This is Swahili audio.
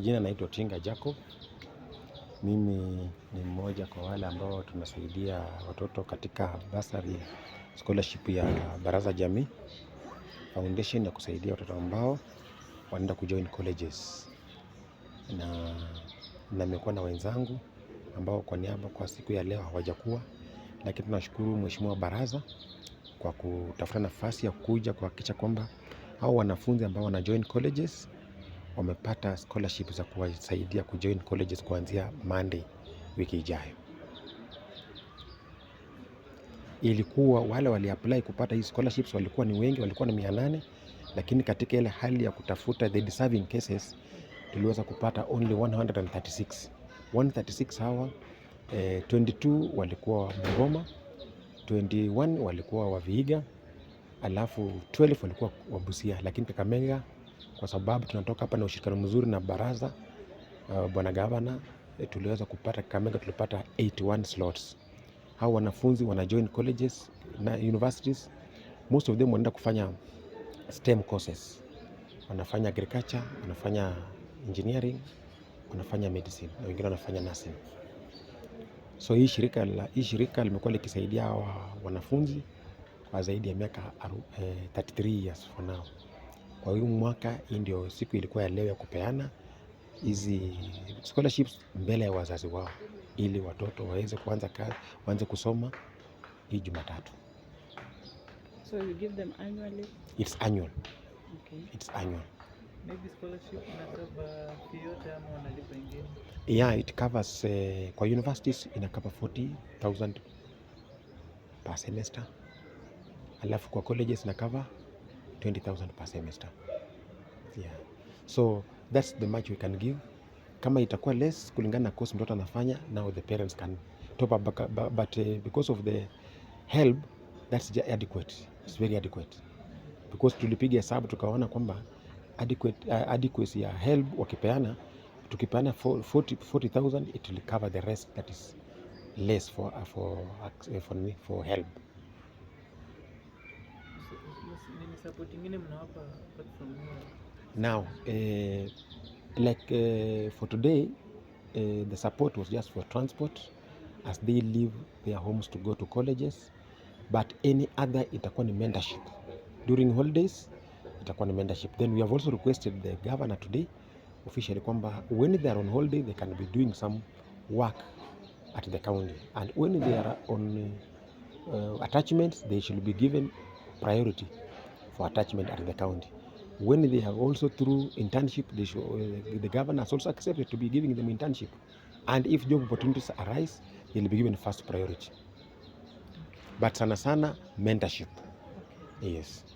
Jina naitwa Tinga Jacob. Mimi ni mmoja kwa wale ambao tunasaidia watoto katika bursary scholarship ya Baraza Jamii Foundation ya kusaidia watoto ambao wanaenda kujoin colleges, na nimekuwa na wenzangu ambao kwa niaba kwa siku ya leo hawajakuwa, lakini tunashukuru mheshimiwa baraza kwa kutafuta nafasi ya kuja kuhakikisha kwamba hao wanafunzi ambao wana join colleges wamepata scholarship za kuwasaidia kujoin colleges kuanzia Monday wiki ijayo. Ilikuwa wale waliapply kupata hii scholarships walikuwa ni wengi, walikuwa na mia nane, lakini katika ile hali ya kutafuta the deserving cases tuliweza kupata only 136 136 hawa eh, 22 walikuwa wa Bungoma, 21 walikuwa wa Vihiga, alafu 12 walikuwa wa Busia, lakini Kakamega kwa sababu tunatoka hapa na ushirikiano mzuri na baraza uh, bwana gavana e, tuliweza kupata Kakamega, tulipata 81 slots. Hao wanafunzi wana join colleges na universities, most of them wanaenda kufanya STEM courses, wanafanya agriculture, wanafanya engineering, wanafanya medicine na wengine wanafanya nursing. So hii shirika la hii shirika limekuwa likisaidia wa, wanafunzi kwa zaidi ya miaka 33 eh, years for now. Kwa hiyo mwaka hii ndio siku ilikuwa ya leo ya kupeana hizi scholarships mbele ya wazazi wao, ili watoto waweze kuanza kazi, waanze kusoma hii Jumatatu. So you give them annually? It's annual. Okay. It's annual. Maybe scholarship inakaba yote ama wanalipa ingine? Yeah, it covers, uh, kwa universities ina inakaba 40,000 per semester. Alafu kwa colleges cover 20000 per semester yeah. So that's the much we can give. Kama itakuwa less kulingana na course mtoto anafanya, now the parents can top up, but uh, because of the help that's adequate, it's very adequate because tulipiga hesabu tukaona kwamba adequate, uh, adequacy ya help wakipeana, tukipeana 40 40000 it will cover the rest that is less for, uh, for, uh, for, for help. Now, uh, like uh, for today, uh, the support was just for transport as they leave their homes to go to colleges, but any other itakuwa ni mentorship. During holidays itakuwa ni mentorship. Then we have also requested the governor today officially kwamba when they are on holiday they can be doing some work at the county and when they are on uh, attachments they should be given priority for attachment at the county. When they have also through internship, they uh, the governor has also accepted to be giving them internship. And if job opportunities arise, they'll be given first priority. But sana sana mentorship. Yes.